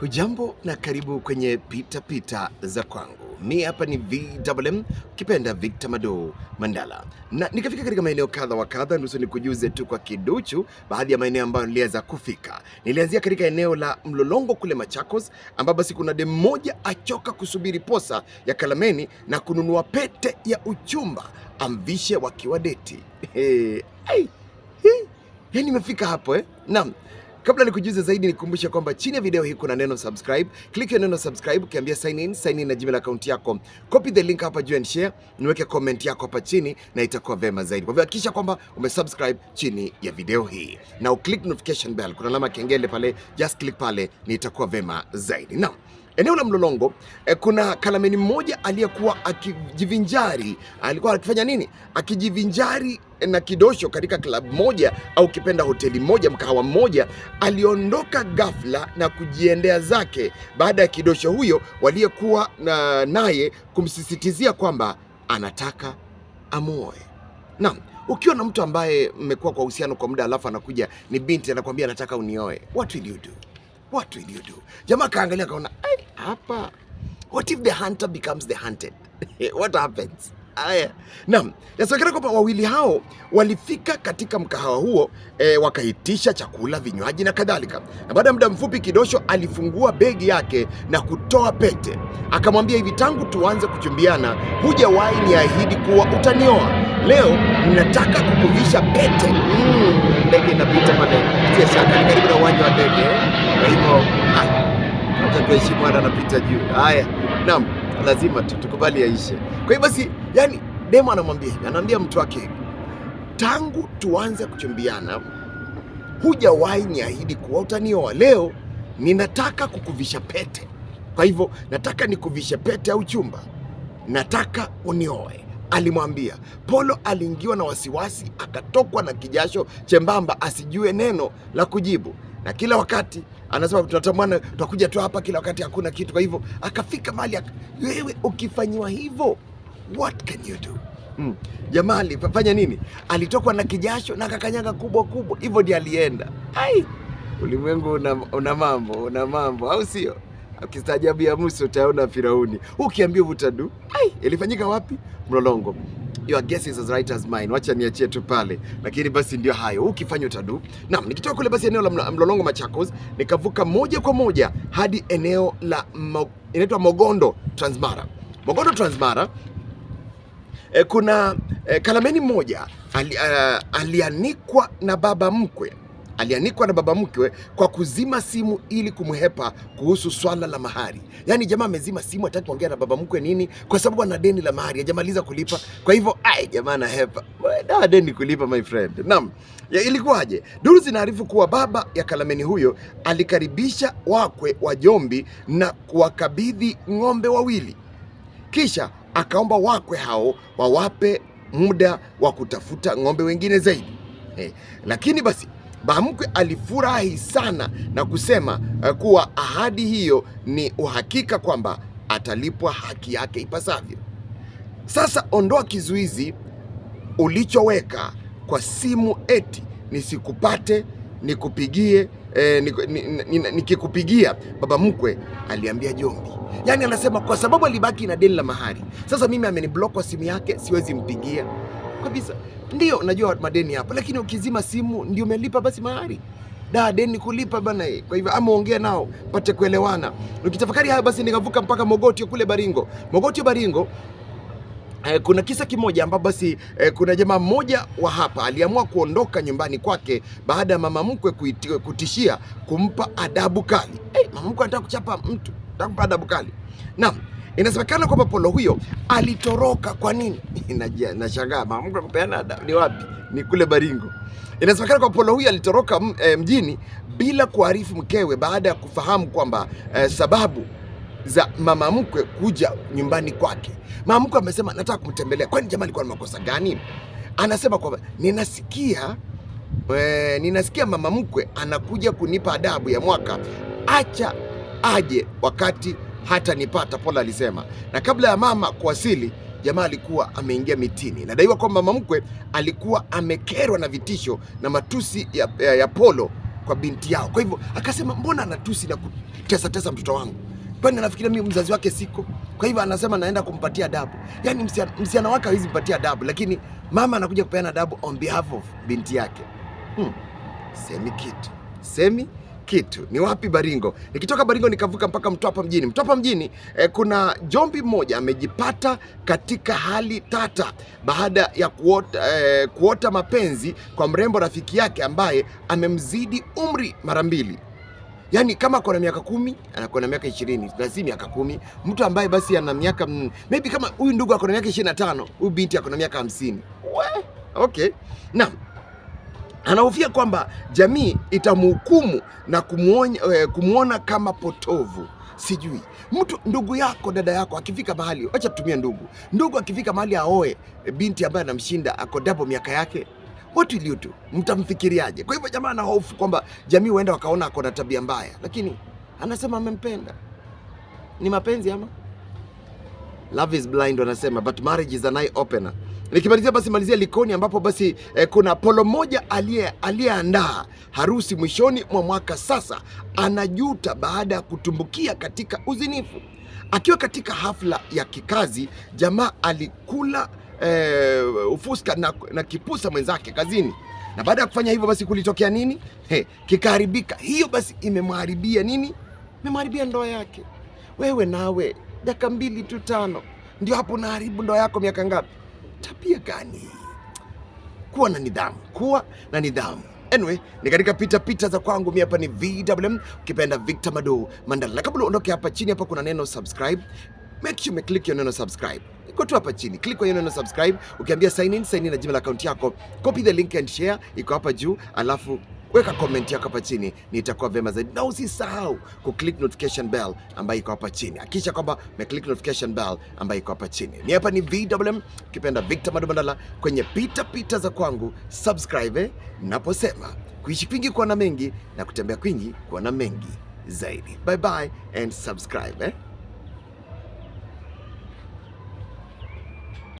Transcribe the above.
Hujambo na karibu kwenye pitapita pita za kwangu. Mi hapa ni VMM ukipenda Victor Mado Mandala, na nikafika katika maeneo kadha wa kadha. Nusu ni kujuze tu kwa kiduchu baadhi ya maeneo ambayo niliweza kufika. Nilianzia katika eneo la Mlolongo kule Machakos, ambapo basi kuna dem moja achoka kusubiri posa ya Kalameni na kununua pete ya uchumba amvishe wakiwa deti. Hey, hey, hey, nimefika hapo eh? Naam. Kabla nikujuze zaidi, nikukumbushe kwamba chini ya video hii kuna neno subscribe. Click neno subscribe, ukiambia sign in, sign in na Gmail account yako. Copy the link hapa juu and share, niweke comment yako hapa chini na itakuwa vema zaidi. Kwa hivyo hakikisha kwamba umesubscribe chini ya video hii. Na uklik notification bell, kuna alama kengele pale, just click pale, ni itakuwa vema zaidi. Now, eneo la Mlolongo eh, kuna kalameni mmoja aliyekuwa akijivinjari. Alikuwa akifanya nini? Akijivinjari eh, na kidosho katika klabu moja au kipenda hoteli moja, mkahawa mmoja. Aliondoka ghafla na kujiendea zake baada ya kidosho huyo waliyekuwa na naye kumsisitizia kwamba anataka amuoe. Naam, ukiwa na mtu ambaye mmekuwa kwa uhusiano kwa muda alafu anakuja ni binti anakuambia anataka unioe, what will you do? What will you do? Jamaa kaangalia akaona hapa. What if the hunter becomes the hunted? What happens? Haya, naam, yasemekana kwamba wawili hao walifika katika mkahawa huo e, wakaitisha chakula, vinywaji na kadhalika, na baada ya muda mfupi Kidosho alifungua begi yake na kutoa pete, akamwambia hivi, tangu tuanze kuchumbiana hujawahi niahidi kuwa utanioa. Leo nataka kukuvisha pete. Mm, ndege mm, inapita pale, sia shaka, ni karibu na uwanja wa ndege, eh? kwa hivyo ah mwanamke mwana anapita juu. Haya, naam, lazima tu tukubali yaishe. Kwa hiyo basi, yani demo anamwambia anaambia mtu wake, tangu tuanze kuchumbiana hujawahi niahidi kuwa utanioa leo. Ninataka kukuvisha pete, kwa hivyo nataka nikuvishe pete ya uchumba, nataka unioe alimwambia. Polo aliingiwa na wasiwasi, akatokwa na kijasho chembamba asijue neno la kujibu na kila wakati anasema tunatamana, tutakuja tu hapa kila wakati, hakuna kitu. Kwa hivyo akafika mahali ak... wewe ukifanyiwa hivyo, what can you do? Mm. Jamaa alifanya nini? Alitokwa na kijasho na kakanyaga kubwa kubwa, hivyo ndi alienda. Ai, ulimwengu una, una mambo una mambo, au sio? Ukistaajabu ya Musa utaona Firauni, ukiambia vutadu Ai, ilifanyika wapi? Mlolongo your guess is as right as mine, wacha niachie tu pale, lakini basi ndio hayo, ukifanya utadu. Naam, nikitoka kule basi eneo la Mlolongo Machakos, nikavuka moja kwa moja hadi eneo la inaitwa Mogondo Transmara. Mogondo Transmara e, kuna e, kalameni moja ali, uh, alianikwa na baba mkwe alianikwa na baba mkwe kwa kuzima simu ili kumhepa kuhusu swala la mahari. Yaani jamaa amezima simu, hataki kuongea na baba mkwe nini, kwa sababu ana deni la mahari, hajamaliza kulipa. Kwa hivyo ai, jamaa anahepa na deni kulipa, my friend. Naam, ilikuwaje? Duru zinaarifu kuwa baba ya kalameni huyo alikaribisha wakwe wajombi na kuwakabidhi ng'ombe wawili, kisha akaomba wakwe hao wawape muda wa kutafuta ng'ombe wengine zaidi eh, lakini basi Bamkwe alifurahi sana na kusema eh, kuwa ahadi hiyo ni uhakika kwamba atalipwa haki yake ipasavyo. Sasa ondoa kizuizi ulichoweka kwa simu eti nisikupate nikupigie eh, nikikupigia baba mkwe aliambia Jombi. Yaani anasema kwa sababu alibaki na deni la mahari. Sasa mimi ameniblock kwa simu yake, siwezi mpigia kabisa. Ndio najua madeni hapa, lakini ukizima simu ndio umelipa basi mahari da deni kulipa bana. Kwa hivyo ama ongea nao pate kuelewana. Ukitafakari haya basi, nikavuka mpaka Mogotio kule Baringo, Mogotio Baringo. Eh, kuna kisa kimoja ambapo basi eh, kuna jamaa mmoja wa hapa aliamua kuondoka nyumbani kwake baada ya mama mkwe kutishia kumpa adabu kali. Hey, eh, mama mkwe anataka kuchapa mtu, anataka kumpa adabu kali. Naam. Inasemekana kwamba polo huyo alitoroka. Kwa nini? Nashangaa mtu akupeana adabu ni wapi? Ni kule Baringo. Inasemekana kwamba polo huyo alitoroka mm, eh, mjini bila kuarifu mkewe baada ya kufahamu kwamba eh, sababu za mama mkwe kuja nyumbani kwake. Mama mkwe amesema nataka kumtembelea. Kwani jamaa alikuwa na makosa gani? Anasema kwamba ninasikia we, eh, ninasikia mama mkwe anakuja kunipa adabu ya mwaka, acha aje wakati hata nipata, Pola alisema. Na kabla ya mama kuwasili, jamaa alikuwa ameingia mitini. nadaiwa kwamba mamkwe alikuwa amekerwa na vitisho na matusi ya, ya, ya Polo kwa binti yao. Kwa hivyo akasema, mbona anatusi na kutesatesa mtoto wangu? Kwani anafikiria mimi mzazi wake siko? Kwa hivyo anasema naenda kumpatia adabu. Yaani msichana, msichana wake hawezi mpatia adabu, lakini mama anakuja kupeana adabu on behalf of binti yake. Hmm. Semi kitu semi kitu. Ni wapi Baringo? Nikitoka Baringo nikavuka mpaka Mtwapa mjini. Mtwapa mjini eh, kuna jombi mmoja amejipata katika hali tata baada ya kuota, eh, kuota mapenzi kwa mrembo rafiki yake ambaye amemzidi umri mara mbili. Yaani kama ako na miaka kumi anakuwa na miaka ishirini na si miaka kumi. Mtu ambaye basi ana miaka mm, maybe kama huyu ndugu ako na miaka ishirini na tano huyu binti ako na miaka hamsini. We, okay. Naam. Anahofia kwamba jamii itamhukumu na eh, kumwona kama potovu. Sijui mtu ndugu yako dada yako akifika mahali, acha tutumie ndugu, ndugu akifika mahali aoe eh, binti ambaye anamshinda ako double miaka yake What will you do? Mtamfikiriaje? Kwa hivyo jamaa ana hofu kwamba jamii huenda wakaona ako na tabia mbaya, lakini anasema amempenda. Ni mapenzi ama? Love is blind wanasema, but marriage is an eye opener. Nikimalizia basi malizia Likoni ambapo basi eh, kuna polo moja aliyeandaa harusi mwishoni mwa mwaka sasa anajuta baada ya kutumbukia katika uzinifu. Akiwa katika hafla ya kikazi, jamaa alikula eh, ufuska na, na kipusa mwenzake kazini na baada ya kufanya hivyo basi kulitokea nini? He, kikaharibika. Hiyo basi imemharibia nini? Imemharibia ndoa yake. Wewe nawe, dakika mbili tu tano, ndio hapo unaharibu ndoa yako miaka ngapi? tabia gani? Kuwa na nidhamu, kuwa na nidhamu. Anyway, ni katika pita pita za kwangu mimi hapa ni VMM, ukipenda Victor Mado Mandala. Kabla uondoke hapa chini hapa kuna neno subscribe. Make sure umeclick hiyo neno subscribe. Iko tu hapa chini. Click hiyo neno subscribe, ukiambia sign in, sign in na jina la account yako. Copy the link and share, iko hapa juu, alafu weka comment yako hapa chini, nitakuwa vyema zaidi, na usisahau ku click notification bell ambayo iko hapa chini. Hakikisha kwamba me click notification bell ambayo iko hapa chini. Ni hapa ni VMM, ukipenda Victor Mandala kwenye pita pita za kwangu, subscribe eh, naposema kuishi kwingi kuwa na mengi na kutembea kwingi kuwa na mengi zaidi. Bye bye and subscribe eh.